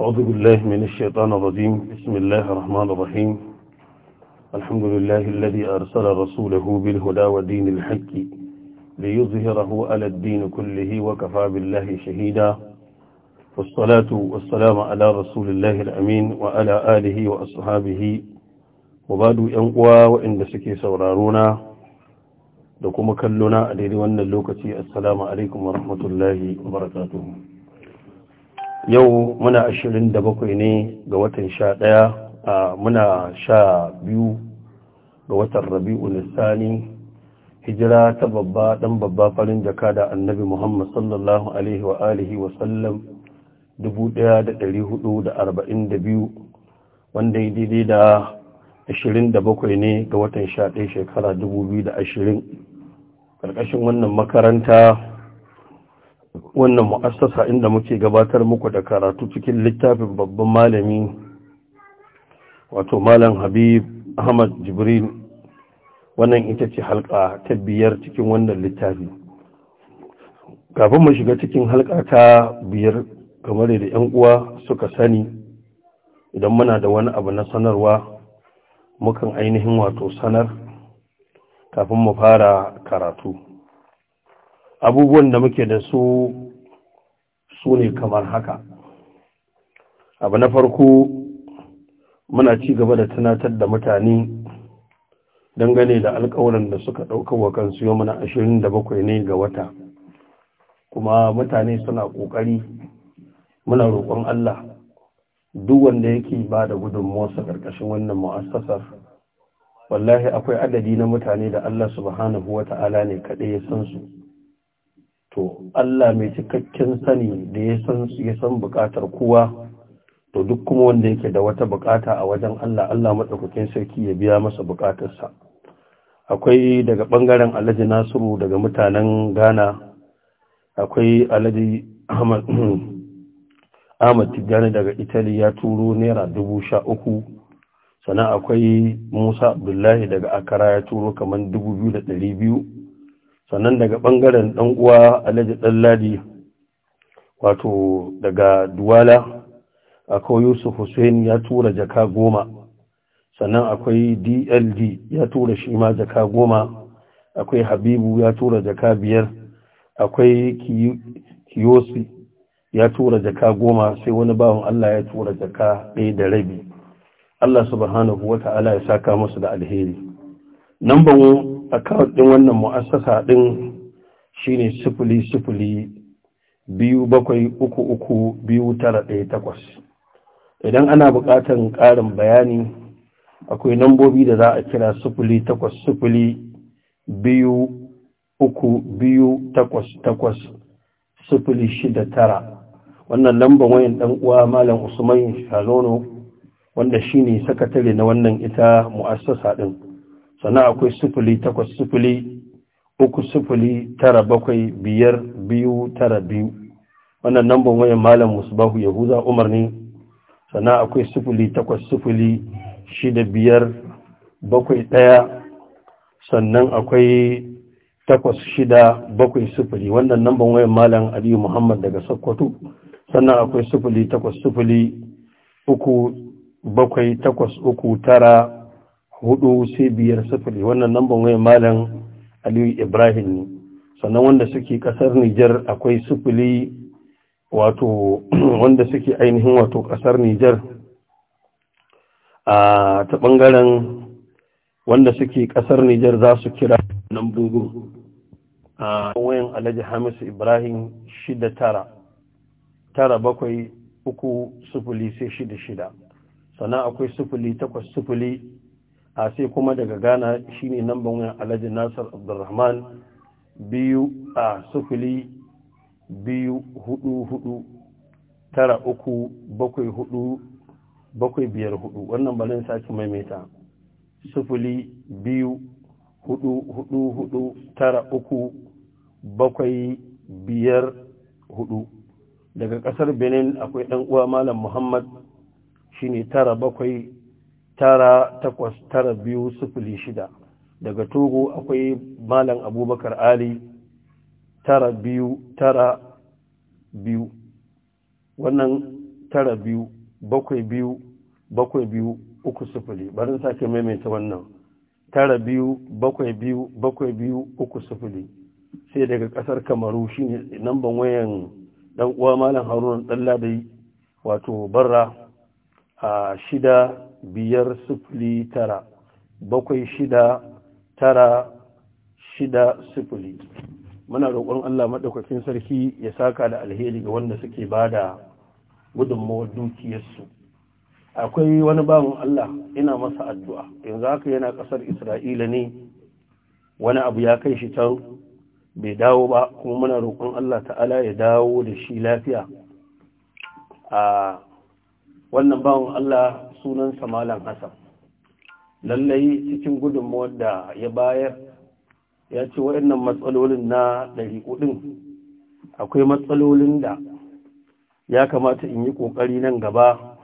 أعوذ بالله من الشيطان الرجيم بسم الله الرحمن الرحيم الحمد لله الذي أرسل رسوله بالهدى ودين الحق ليظهره على الدين كله وكفى بالله شهيدا والصلاة والسلام على رسول الله الأمين وعلى آله وأصحابه وبعد ينقوى وإن دسكي سورارونا لكم كلنا أدري وأن اللوكة السلام عليكم ورحمة الله وبركاته yau muna ashirin da bakwai ne ga watan sha ɗaya muna sha biyu ga watan rabi'u nisani hijira ta babba ɗan babba farin jaka da annabi muhammad sallallahu alaihi wa alihi wa sallam 1442 wanda ya daidai da ashirin da bakwai ne ga watan sha ɗaya shekara da ashirin. ƙarƙashin wannan makaranta wannan mu'assasa inda muke gabatar muku da karatu cikin littafin babban malami wato malam habib ahmad jibril wannan ita ce halka ta biyar cikin wannan littafi kafin mu shiga cikin halka ta biyar kamar da 'yan uwa suka sani idan muna da wani abu na sanarwa mukan ainihin wato sanar kafin mu fara karatu abubuwan da muke da su su ne kamar haka abu na farko muna ci gaba da tunatar da mutane dangane da alkawarin da suka ɗauka wa kansu yau muna ashirin da bakwai ne ga wata kuma mutane suna ƙoƙari muna roƙon Allah duk wanda yake ba da gudunmuwarsa ƙarƙashin wannan mu'assasar wallahi akwai adadi na mutane da Allah subhanahu wa ta'ala ne kaɗai ya san su to Allah mai cikakken sani da ya san ya san bukatar kowa to duk kuma wanda yake da wata bukata a wajen Allah Allah madaukakin sarki ya biya masa bukatarsa akwai daga bangaren Alhaji Nasiru daga mutanen Ghana akwai Alhaji Ahmad Ahmad Tijjani daga Italy ya turo naira dubu sha uku sannan akwai Musa Abdullahi daga Akara ya turo kamar dubu biyu da ɗari biyu sannan daga ɓangaren ɗan uwa alhaji ɗanladi wato daga duwala akwai yusuf hussein ya tura jaka goma sannan akwai dld ya tura shi ma jaka goma akwai habibu ya tura jaka biyar akwai kiyosi ya tura jaka goma sai wani bawan allah ya tura jaka ɗaya da rabi allah subhanahu wa ta'ala ya saka musu da alheri namban account ɗin wannan mu'assasa ɗin shine sifili sifili biyu bakwai uku uku biyu tara ɗaya takwas idan ana buƙatar ƙarin bayani akwai nambobi da za a kira sifili takwas sifili biyu uku biyu takwas takwas sifili shida tara wannan lambar wayan ɗan uwa malam usman shalono wanda shine sakatare na wannan ita mu'assasa ɗin sannan akwai sufuli takwas sufuli uku sufuli tara bakwai biyar biyu tara biyu wannan namban wayan malam musbahu yahuza umar ne sannan akwai sufuli takwas sufuli shida biyar bakwai ɗaya sannan akwai takwas shida bakwai sufuli wannan namban wayan malam aliyu muhammad daga sokoto sannan akwai sufuli takwas sufuli uku bakwai takwas uku tara hudu sai biyar sufuri. wannan namban waya malam aliyu ibrahim ne sannan wanda suke kasar nijar akwai sufuri wato wanda suke ainihin wato kasar nijar a ta bangaren wanda suke kasar nijar za su kira nan bugu. a wayan alhaji hamisu ibrahim shida tara tara bakwai uku sufuli sai shida shida sannan akwai sufuli takwas sufuli a sai kuma daga ghana shine namban wayan alhaji nasar abdulrahman biyu a sufuli biyu hudu hudu tara uku bakwai hudu bakwai biyar hudu wannan balin sake maimaita sufuli biyu hudu hudu hudu tara uku bakwai biyar hudu daga kasar benin akwai dan uwa malam muhammad shine tara bakwai tara takwas tara biyu sufuli shida daga togo akwai malam abubakar ali tara biyu tara biyu wannan tara biyu bakwai biyu bakwai biyu uku sufuli barin sake maimaita wannan tara biyu bakwai biyu bakwai biyu uku sufuli sai daga kasar kamaru shine namban wayan dan uwa malam haruna dan ladai wato barra a shida biyar sifili tara bakwai shida tara shida sifili muna roƙon Allah maɗaukakin sarki ya saka da alheri ga wanda suke ba da gudunmawar dukiyarsu akwai wani bawan Allah ina masa addu'a yanzu haka yana ƙasar Isra'ila ne wani abu ya kai shi ta bai dawo ba kuma muna roƙon Allah ta'ala ya dawo da shi lafiya a wannan bawan Allah sunansa malam hassan lallai cikin gudunmuwar da ya bayar ya ce waɗannan matsalolin na ɗari kuɗin akwai matsalolin da ya kamata in yi ƙoƙari nan gaba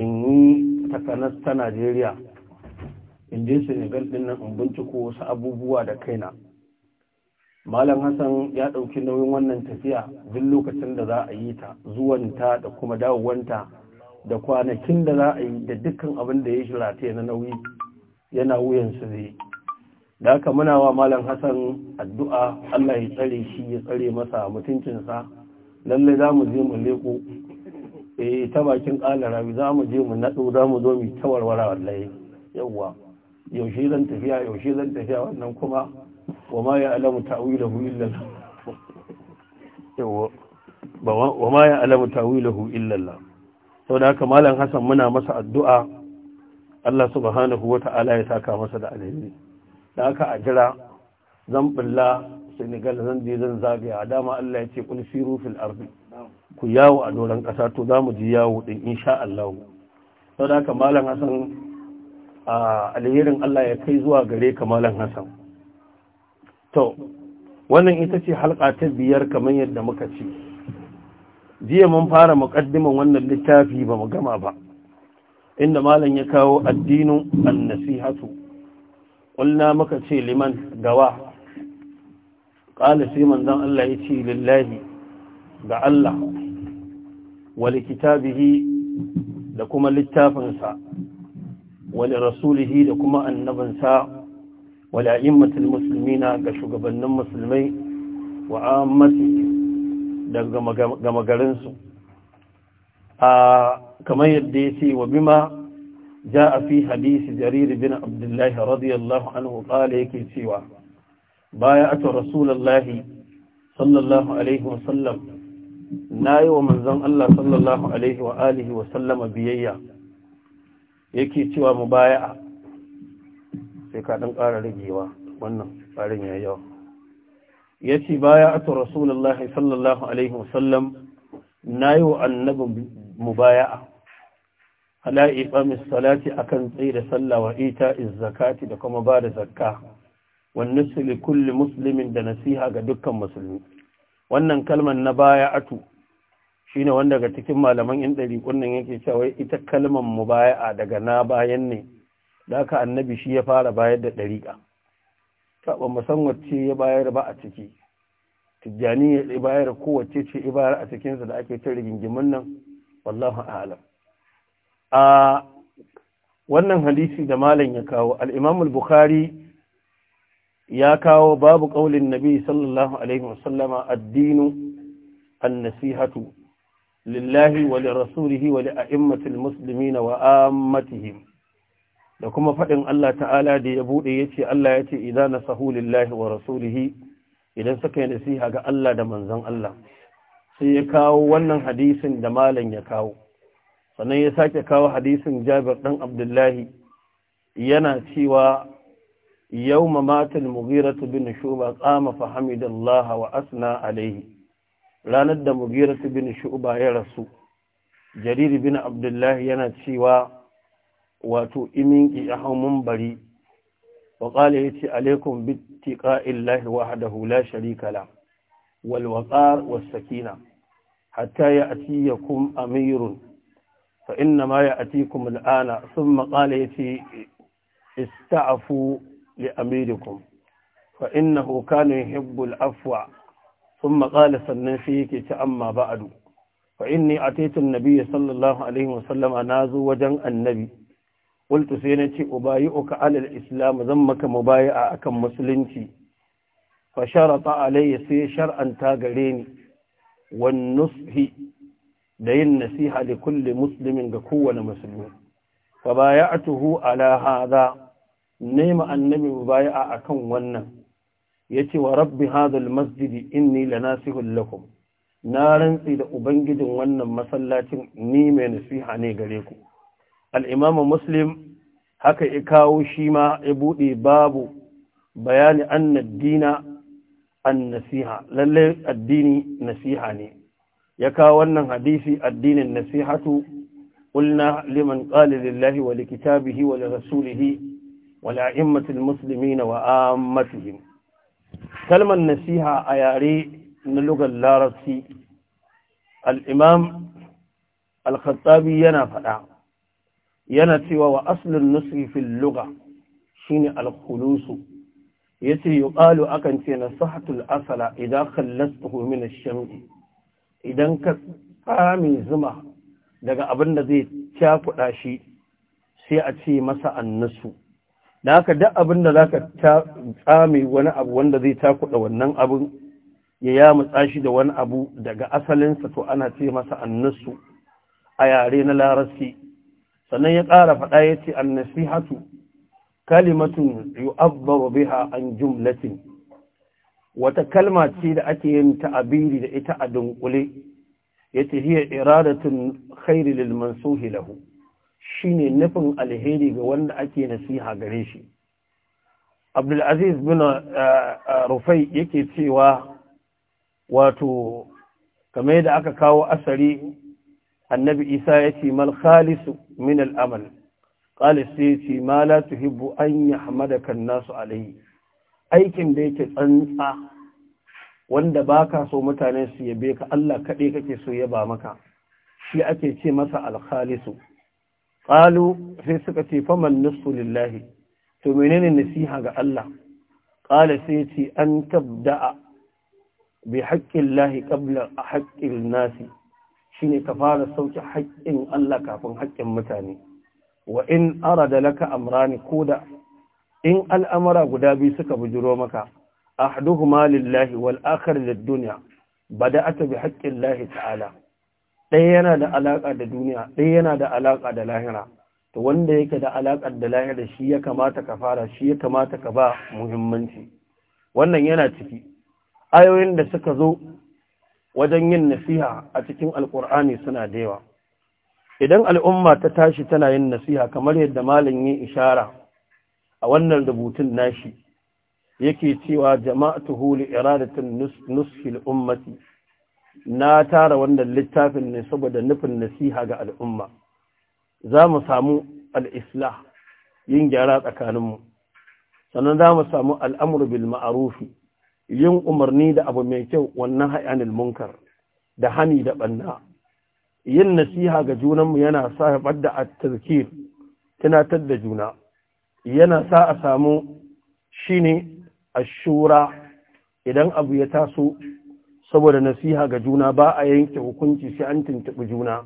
in yi takanas ta najeriya in je senegal ɗin nan in binciko wasu abubuwa da kaina malam hassan ya ɗauki nauyin wannan tafiya duk lokacin da za a yi ta zuwanta da kuma dawowanta da kwanakin da za a yi da dukkan abin da ya shirata na nauyi yana wuyansu zai da aka muna wa malam hassan addu'a allah ya tsare shi ya tsare masa mutuncinsa lallai za mu je mu leko e eh, ta bakin ƙala rabi za mu je mu naɗo za mu zo mu ta wallaye wallahi yawwa yaushe zan tafiya yaushe zan tafiya wannan kuma wa ma ya alamu ta'wilahu illallah Allah wa ma ya alamu ta'wilahu sau da haka malam hassan muna masa addu'a Allah subhanahu wa ta'ala ya saka masa da alheri da aka a jira zan bulla senegal zan je zan zagaya a dama Allah ya ce kun fi rufin arzi. ku yawo a doron ƙasa to za mu ji yawo din insha Allah sau da haka malam hassan a alherin Allah ya kai zuwa gare ka malam hassan to wannan ita ce halka ta biyar kamar yadda muka ce jiya mun fara muƙaddiman wannan littafi ba mu gama ba inda malam ya kawo addinu annasihatu qulna muka ce liman gawa qala sai manzon Allah ya ce lillahi ga Allah wal kitabihi da kuma littafinsa wal rasulihi da kuma annabinsa wal a'immatul muslimina ga shugabannin musulmai wa daga gama garinsu a kamar yadda ya ce wa bima ja a fi hadisi jariri bin abdullahi radiyallahu anhu kala yake cewa sallallahu alaihi wasallam na yi wa manzan Allah sallallahu alaihi wa biyayya yake cewa mu baya sai kaɗin ƙara rigewa wannan ƙarin ya yawa ya ce baya atu rasulullahi sallallahu alaihi wasallam na yi wa annabi mubaya'a ala iqamis salati akan tsaye da sallawa, wa ita zakati da kuma ba da zakka wannan su kulli muslimin da nasiha ga dukkan musulmi wannan kalmar na baya atu shine wanda ga cikin malaman yan dari nan yake cewa ita kalmar mubaya'a daga na bayan ne da aka annabi shi ya fara bayar da ɗariƙa ba musamman ce ya bayar ba a ciki tijjani ya bayar kowace ce ya bayar a cikinsa da ake ta rigingimin nan wallahu a'lam a wannan hadisi da malam ya kawo alimamul bukari bukhari ya kawo babu ƙaulin nabi sallallahu alaihi wasallama addinu an-nasihatu lillahi wa lirasulihi wa li'a'immatil muslimina wa ammatihim da kuma faɗin Allah ta'ala da ya buɗe ya ce Allah yace, ce idan na lillahi wa rasulihi idan suka yi nasiha ga Allah da manzon Allah sai ya kawo wannan hadisin da malam ya kawo sannan ya sake kawo hadisin jabir ɗan abdullahi yana cewa yau mamatin mugiratu bin shuba tsama fahimidallaha wa asna alaihi ranar da mugiratu bin shuba ya rasu jarir bin abdullahi yana cewa wato imin ki hau munbari wa qala yace alaikum bi tiqa'illahi wahdahu la sharika la wal waqar was sakina hatta ya'tiyakum amirun fa inna ma ya'tikum al'ana thumma qala yace ista'fu li amirikum fa innahu kana yuhibbu al'afwa ثم قال سنن فيك تأما بعد فإني أتيت النبي صلى الله عليه وسلم نازو وجن النبي qultu sai na ce uka alal islam zan maka a akan musulunci fa sharata alayya sai shar'anta gare ni wan nushi da yin nasiha da kulli muslimin ga kowane musulmi fa bayatuhu ala hadha nema annabi mubayi'a akan wannan yace wa rabbi hadhal masjidi inni nasihu lakum na rantsi da ubangijin wannan masallacin ni mai nasiha ne gare ku al’imamu muslim haka ya kawo shi ma ya buɗe babu bayani an naddina an nasiha lalle addini nasiha ne ya kawo wannan hadisi addinin nasihatu ƙulna liman ƙalilillahi wa likitabihi wa rasulihi wa la’immatin musulmi na wa’ammatihim kalmar nasiha a yare na lugar larabci al’imam yana faɗa yana cewa wa aslun nusri fil lugha shine al yace yuqalu akan ce na nasahatul asala idan khallastuhu min ash-shami idan ka tsami zuma daga abin da zai cakuɗa shi sai a ce masa annasu da haka duk abin da zaka tsami wani abu wanda zai cakuɗa wannan abin ya mutsa shi da wani abu daga asalinsa to ana ce masa annasu a yare na larasi sannan ya ƙara faɗa ya ce an nasihatu kalimatun yu'abbaru biha an jumlatin wata kalma ce da ake yin ta'abiri da ita a dunkule ya ce hiya iradatun khairi lil mansuhi lahu shine nufin alheri ga wanda ake nasiha gare shi Abdul Aziz bin eh, eh, Rufai yake cewa wato kamar yadda aka kawo asari annabi isa ya ce mal khalisu min al'amal ƙalis sai ce ma la tuhibbu an yi kan nasu alaihi aikin da yake tsantsa wanda ba ka so mutane su yabe ka Allah kaɗai kake so ya ba maka shi ake ce masa alkhalisu ƙalu sai suka ce faman nisfu lillahi to menene nasiha ga Allah ƙala sai ce an tabda'a bi haƙƙin lahi ƙabla a haƙƙin nasi ne ka fara sauke haƙƙin Allah kafin haƙƙin mutane wa in arada laka amrani da? in al'amura guda biyu suka bujiro maka ahduhuma lillahi wal da duniya. Bada ata bi lahi ta'ala ɗaya yana da alaƙa da duniya ɗaya yana da alaƙa da lahira to wanda yake da alaƙa da lahira shi ya kamata ka fara shi ya kamata ka ba muhimmanci wannan yana ciki ayoyin da suka zo wajen yin nasiha a cikin alkur'ani suna da yawa idan al'umma ta tashi tana yin nasiha kamar yadda malin yi ishara a wannan rubutun nashi yake cewa jama'atu huli iradatun nushil ummati na tara wannan littafin ne saboda nufin nasiha ga al'umma za mu samu al'islah yin gyara tsakaninmu sannan za mu samu al'amur bil ma'arufi yin umarni da abu mai kyau wannan hayanil munkar da hani da banna yin nasiha ga junanmu yana sa haifar da at-tazkir tunatar da juna yana sa a samu shine ashura idan abu ya taso saboda nasiha ga juna ba a yanke hukunci sai an tuntuɓi juna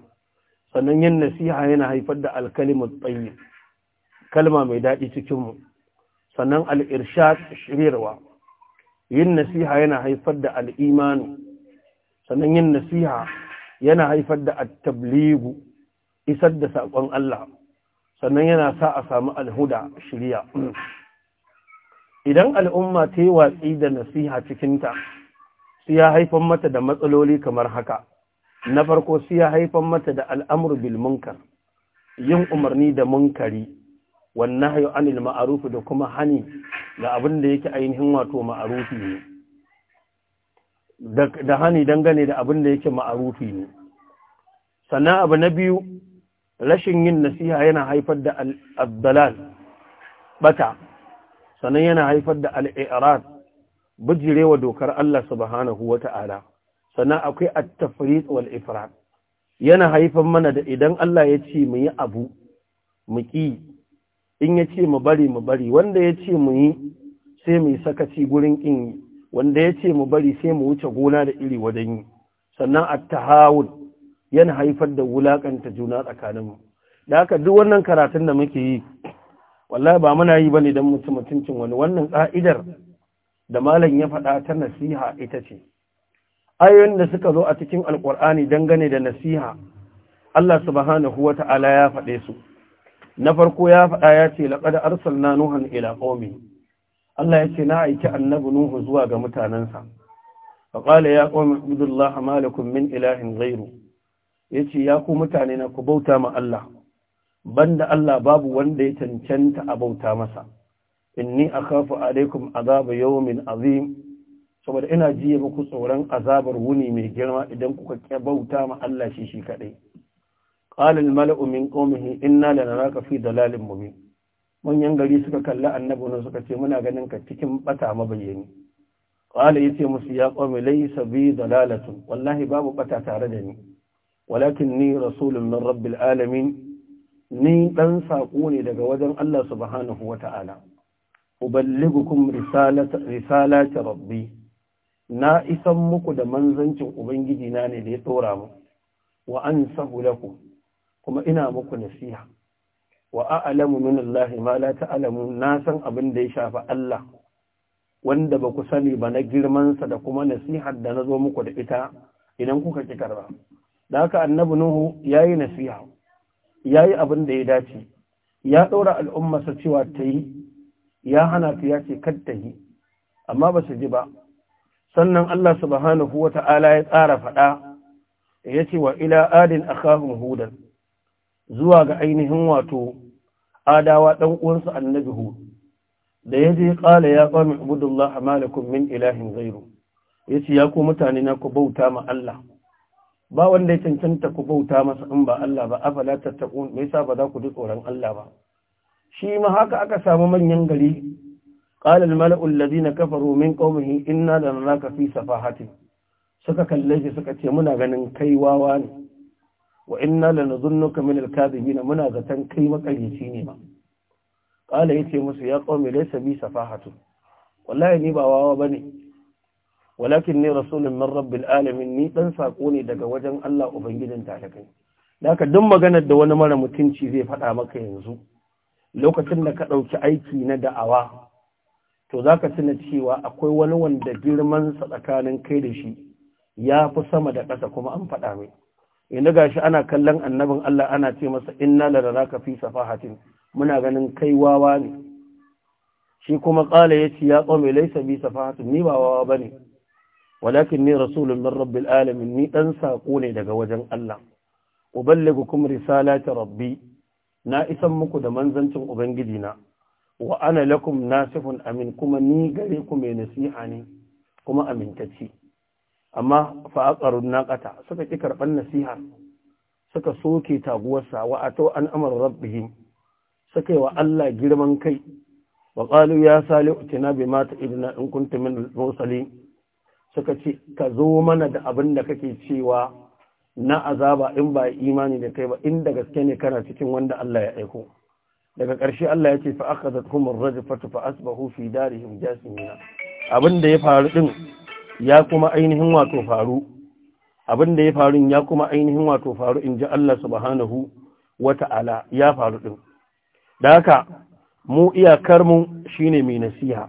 sannan yin nasiha yana haifar da al-kalimat tsayi kalma mai daɗi cikinmu sannan al-irshad shiryarwa yin nasiha yana haifar da al'imanu sannan yin nasiha yana haifar da attabligu isar da saƙon Allah sannan yana sa a samu alhuda shirya idan al'umma ta yi watsi da nasiha cikinta su ya haifar mata da matsaloli kamar haka na farko su ya haifar mata da al'amur bilmunkar, yin umarni da munkari wannan hayo anil ma'arufi da kuma hani abin da yake ainihin wato ma'arufi ne da hani dangane da abin da yake ma'arufi ne sannan abu na biyu rashin yin nasiha yana haifar da abdalal bata sannan yana haifar da al al-i'rad bijirewa dokar Allah subhanahu wata'ala ta'ala sannan akwai at-tafriq wal ifrat yana haifar mana da idan Allah ya ce mu yi abu mu ƙi in ya ce mu bari mu bari wanda ya ce mu yi sai mu yi sakaci gurin ƙin yi wanda ya ce mu bari sai mu wuce gona da iri wajen yi sannan attahawun yana haifar da wulaƙanta juna tsakaninmu da haka duk wannan karatun da muke yi wallahi ba muna yi bane dan mutum mutuncin wani wannan ƙa'idar da malam ya faɗa ta nasiha ita ce ayoyin da suka zo a cikin alƙur'ani dangane da nasiha Allah subhanahu ta'ala ya faɗe su na farko ya faɗa ya ce arsal na nuhan ila qaumi Allah ya ce na aiki annabi nuhu zuwa ga mutanensa. fa qala ya qaumi Abdullahi ma min ilahin Ya yace ya ku mutane na ku bauta ma Allah banda Allah babu wanda ya cancanta a bauta masa inni akhafu alaikum azab yomin azim saboda ina jiye muku tsoron azabar wuni mai girma idan kuka bauta ma Allah shi shi kadai qala malaumin mala'u in na da na fi dalalin mubin manyan gari suka kalli annabi na suka ce muna ganin ka cikin ɓata bata mabayyani ya ce musu ya qawmi laysa bi dalalatun wallahi babu bata tare da ni walakin ni rasulun min rabbil ni dan sako ne daga wajen Allah subhanahu wata'ala uballigukum risalata risalati rabbi na isan muku da manzancin ubangiji na ne da ya tsora mu wa an sahu lakum kuma ina muku nasiha wa a'lamu min Allah ma la ta'lamu na san abin da ya shafa Allah wanda ba ku sani ba na girman sa da kuma nasihar da nazo muku da ita idan kuka ki karba da haka annabi nuhu yayi nasiha yayi abin da ya dace ya daura al'umma sa cewa ta yi ya hana ta ya ce kar ta yi amma ba su ji ba sannan Allah subhanahu wata'ala ya tsara fada yace wa ila adin akhahum hudan zuwa ga ainihin wato adawa ɗan uwansa annabi hu da ya je ƙala ya ƙwami abudullah a malakun min ilahin zairu ya ce ya ku mutane na ku bauta ma Allah ba wanda ya cancanta ku bauta masa in ba Allah ba afala tattaqun me yasa ba za ku ji tsoron Allah ba shi ma haka aka samu manyan gari qala al-mala'u alladhina kafaru min qaumihi inna na fi safahati suka kalle shi suka ce muna ganin kai wawa ne wa inna nadhunnuka min al-kadhibin muna zaton kai makarici ne ma qala yace musu ya qaumi laysa bi safahatu wallahi ni ba wawa bane walakin ni rasulun min rabbil alamin ni dan sako ne daga wajen Allah ubangijin talakai haka duk maganar da wani mara mutunci zai faɗa maka yanzu lokacin da ka ɗauki aiki na da'awa to zaka tuna cewa akwai wani wanda girman sa tsakanin kai da shi ya fi sama da ƙasa kuma an faɗa mai yanzu shi ana kallon annabin Allah ana ce masa inna la kafi fi safahatin muna ganin kai wawa ne shi kuma kala ya ce ya qawmi laisa bi safahatin ni ba wawa bane walakin ni rasulun min rabbil alamin ni dan sako ne daga wajen Allah uballigukum risalati rabbi na isan muku da manzancin ubangiji na wa ana lakum nasifun amin kuma ni gare ku mai nasiha ne kuma amintacce amma fa aqarun naqata suka ki karban nasiha suka soke taguwarsa wa ato an amara rabbihim suka yi wa Allah girman kai wa qalu ya salihu tina bima ta'idna in kunta min al suka ce ka zo mana da abin da kake cewa na azaba in ba imani da kai ba in da gaske ne kana cikin wanda Allah ya aiko daga ƙarshe Allah ya ce fa akhadhat humur rajfatu fa asbahu fi darihim jasimina abin da ya faru din ya kuma ainihin wato faru abin da ya faru ya kuma ainihin wato faru in ji Allah subhanahu wata'ala ya faru ɗin." da haka mu iyakar shi shine mai nasiha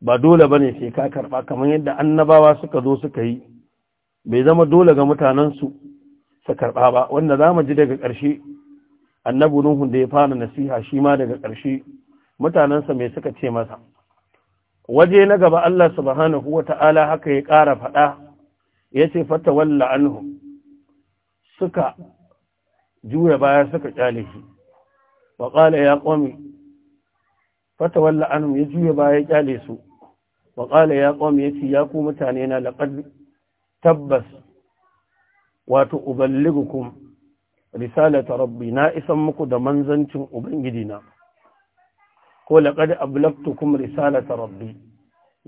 ba dole bane sai ka karba kamar yadda annabawa suka zo suka yi bai zama dole ga mutanen su su ba wanda zamu ji daga ƙarshe annabi da ya fara nasiha shi ma daga ƙarshe mutanensa mai suka ce masa waje na gaba Allah subhanahu wa ta'ala haka ya ƙara faɗa ya ce fata walla anhu suka juya baya suka ƙyale shi wa ƙala ya ƙwami fata walla anhu ya juya baya ya su wa ƙala ya ƙwami ya ce ya ku mutane na laƙar tabbas wato uballigukum risalata rabbi na isan muku da manzancin ubangidina ko laqad ablaqtukum risalata rabbi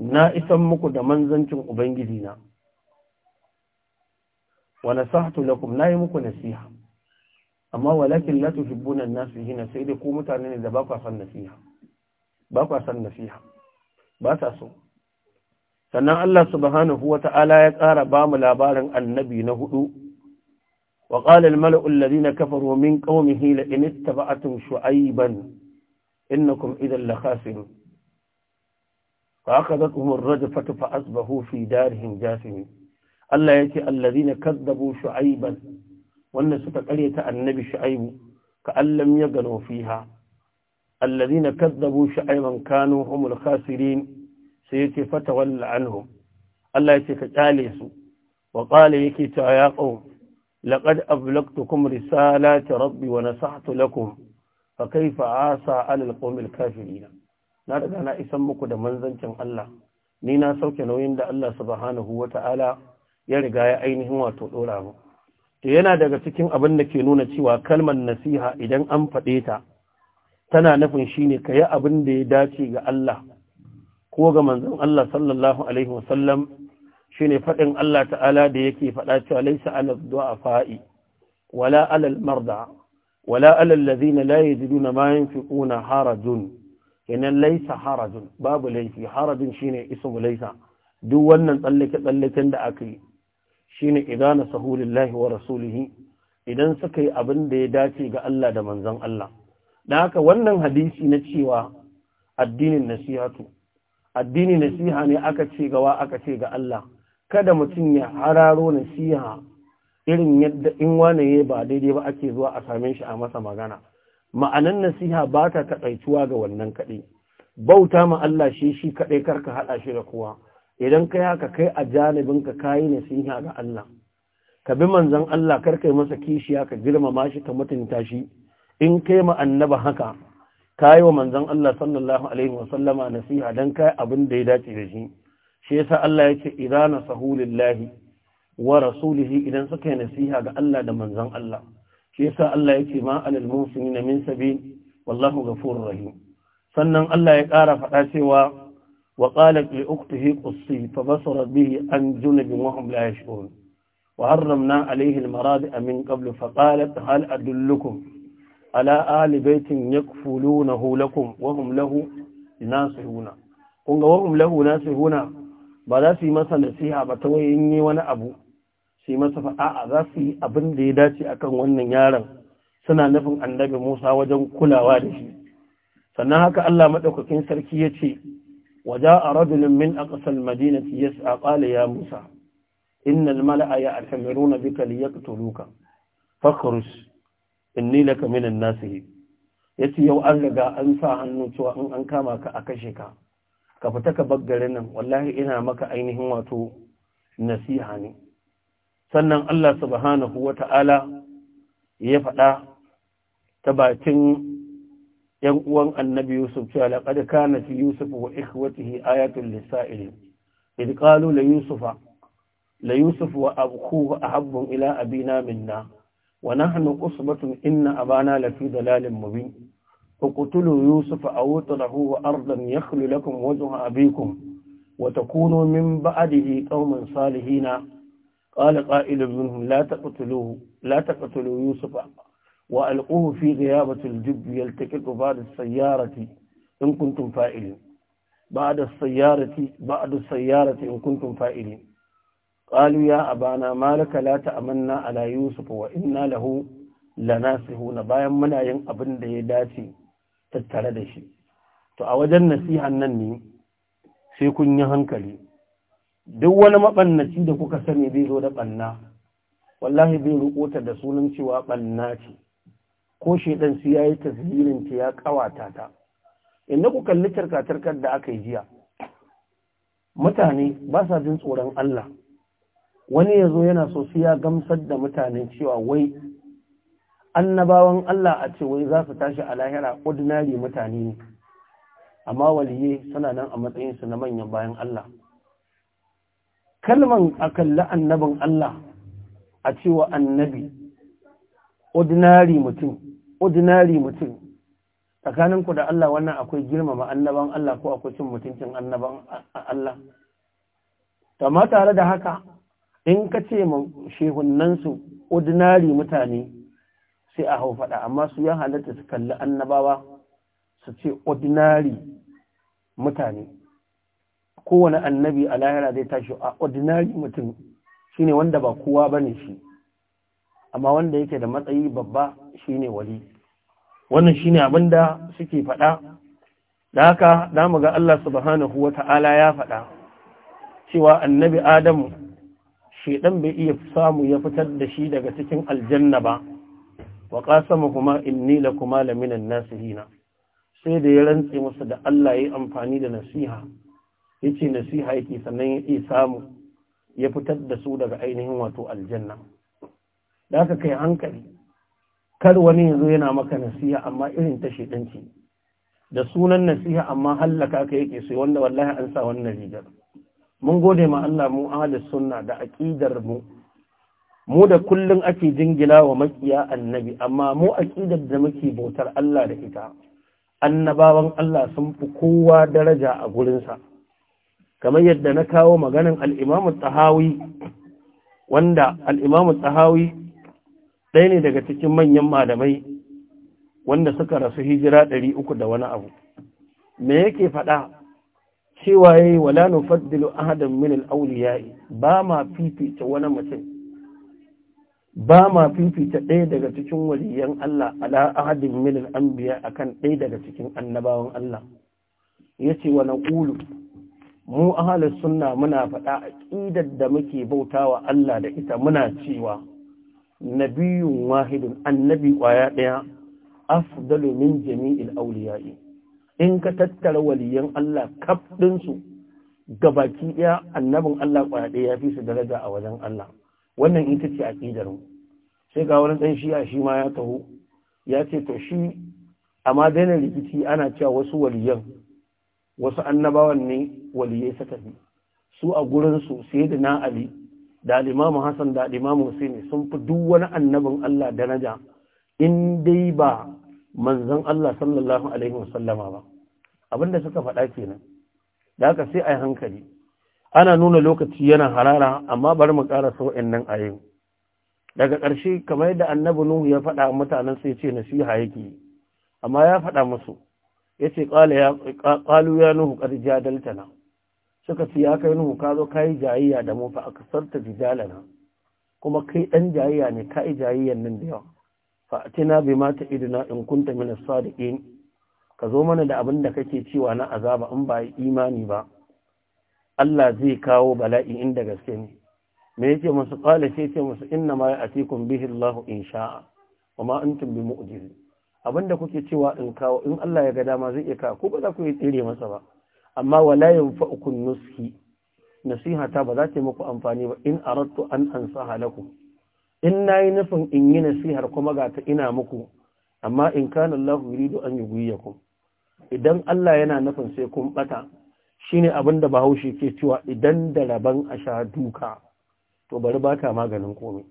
na isan muku da manzancin ubangiji na wa nasahtu na nayi muku nasiha amma walakin la tuhibbuna an-nasihin sai dai ku mutane ne da ba ku san nasiha ba nasiha ba ta so sannan Allah subhanahu wata'ala ya ƙara ba mu labarin annabi na hudu wa qala al Ladina kafa romin min qaumihi la in ittaba'tum shu'ayban إنكم إذا لخاسرون فأخذتهم الرجفة فأصبحوا في دارهم جاثمين الله يتي الذين كذبوا شعيبا وأن ستقرية النبي شعيب كأن لم يغنوا فيها الذين كذبوا شعيبا كانوا هم الخاسرين سيتي فتول عنهم الله يتي كتاليس وقال يكي يا قوم لقد أبلغتكم رسالات ربي ونصحت لكم fa kaifa asa alal qawmil kafirin na daga na isan muku da manzancin Allah ni na sauke nauyin da Allah subhanahu wata'ala ya riga ya ainihin wato dora mu to yana daga cikin abin da ke nuna cewa kalmar nasiha idan an faɗe ta tana nufin shine kayi abin da ya dace ga Allah ko ga manzon Allah sallallahu alaihi wasallam shine fadin Allah ta'ala da yake faɗa cewa laysa ala du'a fa'i wala alal marda wala على الذين لا يجدون ما ينفقون harajun kenan laisa harajun babu laifi harajun shine ismu laisa. duk wannan tsallake tsallaken da aka yi shine idan sahulillahi wa rasulihi idan suka yi abin da ya dace ga Allah da manzon Allah dan haka wannan hadisi na cewa addinin nasihatu addini nasiha ne aka ce gawa aka ce ga Allah kada mutum ya hararo nasiha irin yadda in wane ba daidai ba ake zuwa a same shi a masa magana ma'anan nasiha ba ta taƙaituwa ga wannan kaɗai bauta ma Allah shi shi kaɗai ka haɗa shi da kowa idan kai haka kai a janibin ka kayi nasiha ga Allah ka bi manzon Allah karka yi masa kishiya ka girmama shi ka mutunta shi in kai ma annaba haka ka yi wa manzon Allah sallallahu alaihi wa sallama nasiha dan kai abin da ya dace da shi shi yasa Allah yake idana sahulillahi wa rasulihi idan suka yi nasiha ga Allah da manzon Allah shi yasa Allah yake ma alal na min sabil wallahu ghafurur rahim sannan Allah ya ƙara faɗa cewa wa qalat li ukhtihi qussi fa basarat bihi an junubin wa hum la yash'urun wa harramna alayhi al-maradi'a min qablu fa qalat hal adullukum ala ali baitin yakfulunahu lakum wa hum lahu nasihuna kun ga wa hum lahu nasihuna ba za su yi masa nasiha ba ta wayin yi wani abu su masa fa'a za su yi abin da ya dace akan wannan yaron suna nufin annabi Musa wajen kulawa da shi sannan haka Allah maɗaukakin sarki ya ce وجاء Musa. من أقصى المدينة يسعى قال يا موسى إن الملأ يعتمرون بك ليقتلوك فاخرج إني لك من الناس yace yau an riga an sa hannu cewa in an kama ka a kashe ka ka fita ka bar garin nan wallahi ina maka ainihin wato nasiha ne sannan Allah subhanahu wa ta'ala ya faɗa ta bakin ‘yan uwan annabi Yusuf cewa laƙar kana fi Yusuf wa ikwatihi ayatul lisa'ilin, idi ƙalu la Yusufa, la Yusuf wa abuku a habbin ila abina minna, wa nahnu usbatun inna abana lafi dalalin mubin. اقتلوا يوسف أو اطرحوه أرضا يخل لكم وجه أبيكم وتكونوا من بعده ƙaumin salihina قال قائل منهم لا تقتلوه لا تقتلوا يوسف وألقوه في غيابة الجب يلتقط بعد السيارة إن كنتم فاعلين بعد السيارة بعد السيارة إن كنتم فاعلين قالوا يا أبانا ما لك لا تأمنا على يوسف وإنا له lanasihuna bayan muna yin abin da ya dace tattare da shi to a wajen nasihan nan ne sai kun yi hankali duk wani maɓannaci da kuka sani bai zo da ɓanna wallahi bai rukota da sunan cewa ɓanna ce ko shaidan su ya yi tasirin ta ya ƙawata ta inda ku kalli tarka-tarkar da aka yi jiya mutane ba sa jin tsoron Allah wani ya zo yana so su ya gamsar da mutane cewa wai annabawan Allah a ce wai za su tashi a lahira ordinary mutane ne amma waliye suna nan a matsayinsu na manyan bayan Allah kalman a kalli annabin Allah a cewa annabi ordinary mutum ordinary mutum tsakaninku da Allah wannan akwai girmama annaban Allah ko akwai cin mutuncin annaban Allah amma tare da haka in ka ce ma shehunansu ordinary mutane sai a hau faɗa amma su ya halatta su kalli annabawa su ce ordinary mutane kowane annabi a lahira zai tashi a ordinary mutum shine wanda ba kowa bane shi amma wanda yake da matsayi babba shine wali wannan shi abin da suke faɗa da haka zamu ga Allah subhanahu wa Ta'ala ya faɗa cewa annabi Adamu shedan bai iya samu ya fitar da shi daga cikin aljanna ba wa kuma inni lakuma laminan nasihina sai da ya rantse musu da Allah ya amfani da nasiha ya ce nasiha yake sannan ya iya samu ya fitar da su daga ainihin wato aljanna da aka kai hankali kar wani ya zo yana maka nasiha amma irin ta shedanci da sunan nasiha amma hallaka ka yake sai wanda wallahi an sa wannan rigar mun gode ma Allah mu ahlus sunna da aqidar mu mu da kullun ake jingila wa makiya annabi amma mu aqidar da muke bautar Allah da ita annabawan Allah sun fi kowa daraja a gurinsa sa kamar yadda na kawo maganin al'imamu tsahawi wanda al'imamu tsahawi ɗaya ne daga cikin manyan malamai wanda suka rasu hijira ɗari uku da wani abu me yake faɗa cewa ya yi wala nufaddilu ahadan ya yi ba ma fifita wani mutum ba ma fifita ɗaya daga cikin waliyan Allah ala ahadin biya a kan ɗaya daga cikin annabawan Allah ya ce wani ƙulu mu ahalin sunna muna faɗa ƙidar da muke bautawa Allah da ita muna cewa nabiyun wahidun annabi kwaya ɗaya afdalu min jami'il auliyai in ka tattara waliyan Allah kaf ɗinsu baki ɗaya annabin Allah kwaya ɗaya fi su daraja a wajen Allah wannan ita ce a mu sai ga wani dan shi'a shi ma ya taho ya ce to shi amma daina rikici ana cewa wasu waliyan wasu annabawan ne waliyai suka bi su a gurinsu sai da na ali da limamu hassan da limamu husaini sun fi duk wani annabin allah daraja in dai ba manzon allah sallallahu alaihi wasallama ba abinda suka faɗa kenan da haka sai a hankali ana nuna lokaci yana harara amma bari mu ƙara sau nan a daga ƙarshe kamar yadda annabi nuhu ya faɗa mutanen sai ce nasiha yake amma ya faɗa musu ya ce ƙalu ya nuhu ƙarjiya daltana suka ce ya kai nuhu ka zo ka yi jayayya da mu fa a kasarta jijalana kuma kai ɗan jayayya ne ka yi jayayyan nan da yawa fa a tina bai mata iduna in kunta min sadiqin ka zo mana da abin da kake cewa na azaba in ba imani ba Allah zai kawo bala'i inda gaske ne me yake musu qala sai ce musu inna ma ya'tikum bihi lahu in sha'a Kuma in antum bi mu'jizin abinda kuke cewa in kawo in Allah ya ga dama zai iya kawo ko ba za ku yi tsere masa ba amma wala yanfa'ukum nuski nasihata ba za ta muku amfani ba in aratu an ansaha lakum in nayi nufin in yi nasihar kuma ga ta ina muku amma in kana Allah yuridu an yughyikum idan Allah yana nufin sai kun bata shine abinda Bahaushe ke cewa idan da raban a duka to bari baka maganin komai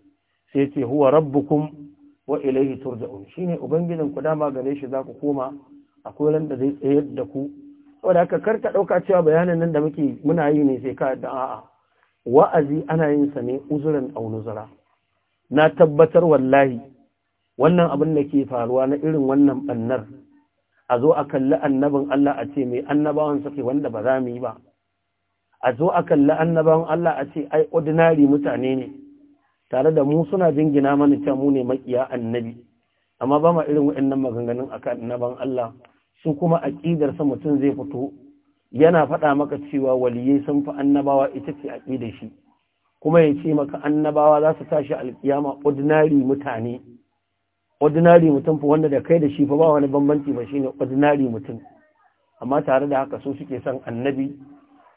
sai ce huwa rabbukum wa ilaihi turja'un shine ubangijin ku dama gare shi za ku koma akwai ran da zai tsayar da ku saboda haka kar ka dauka cewa bayanan nan da muke muna yi ne sai ka da a'a wa'azi ana yin sa ne uzuran aw na tabbatar wallahi wannan abin da ke faruwa na irin wannan bannar a zo a kalli annabin Allah a ce mai annabawan suke wanda ba za mu yi ba a zo a kalli annabawan Allah a ce ai ordinary mutane ne tare da mu suna jingina mana cewa mu ne makiya annabi amma ba ma irin waɗannan maganganun akan annaban Allah su kuma aqidar sa mutum zai fito yana faɗa maka cewa waliyai sun fi annabawa ita ce aqidar shi kuma ya ce maka annabawa za su tashi alkiyama ordinary mutane ordinary mutum fa wanda da kai da shi fa ba wani bambanci ba shine ordinary mutum amma tare da haka su suke son annabi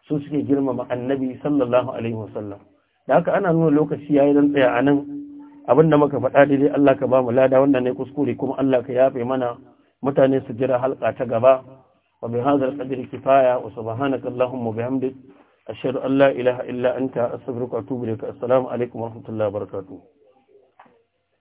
su suke girmama annabi sallallahu alaihi wasallam da haka ana nuna lokaci yayi dan tsaya a nan abinda muka faɗa daidai Allah ka bamu mu lada wannan ne kuskure kuma Allah ka yafe mana mutane su jira halka ta gaba wa bi hadha qadri kifaya wa subhanaka allahumma bihamdik ashhadu an la ilaha illa anta astaghfiruka wa atubu ilaik assalamu alaikum wa rahmatullahi wa barakatuh